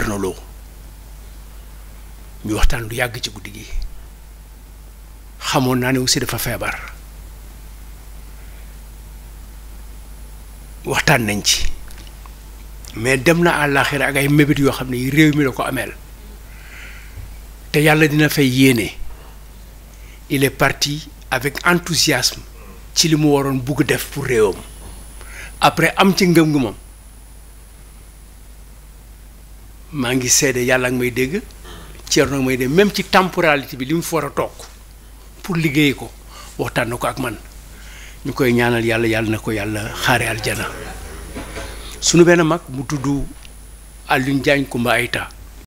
Arna ñu waxtaan lu yàgg ci guddi gi xamoon naa ne aussi dafa feebar waxtaan nañ ci mais dem na àllaaxira ak ay mébét yoo xam ne réew mi la ko ameel te yàlla dina fay yéene il est parti avec enthousiasme ci li mu waroon bugg def pour réewam après am ci ngëm-ngëmam maa ngi seede yàlla ak may dégg Thierno nag may dégg même ci temporalité bi li mu fa war a toog pour liggéey ko waxtaan na ko ak man ñu koy ñaanal yàlla yàlla na ko yàlla xaare aljana sunu benn mag mu tudd Alioune Diagne Kumba Aïta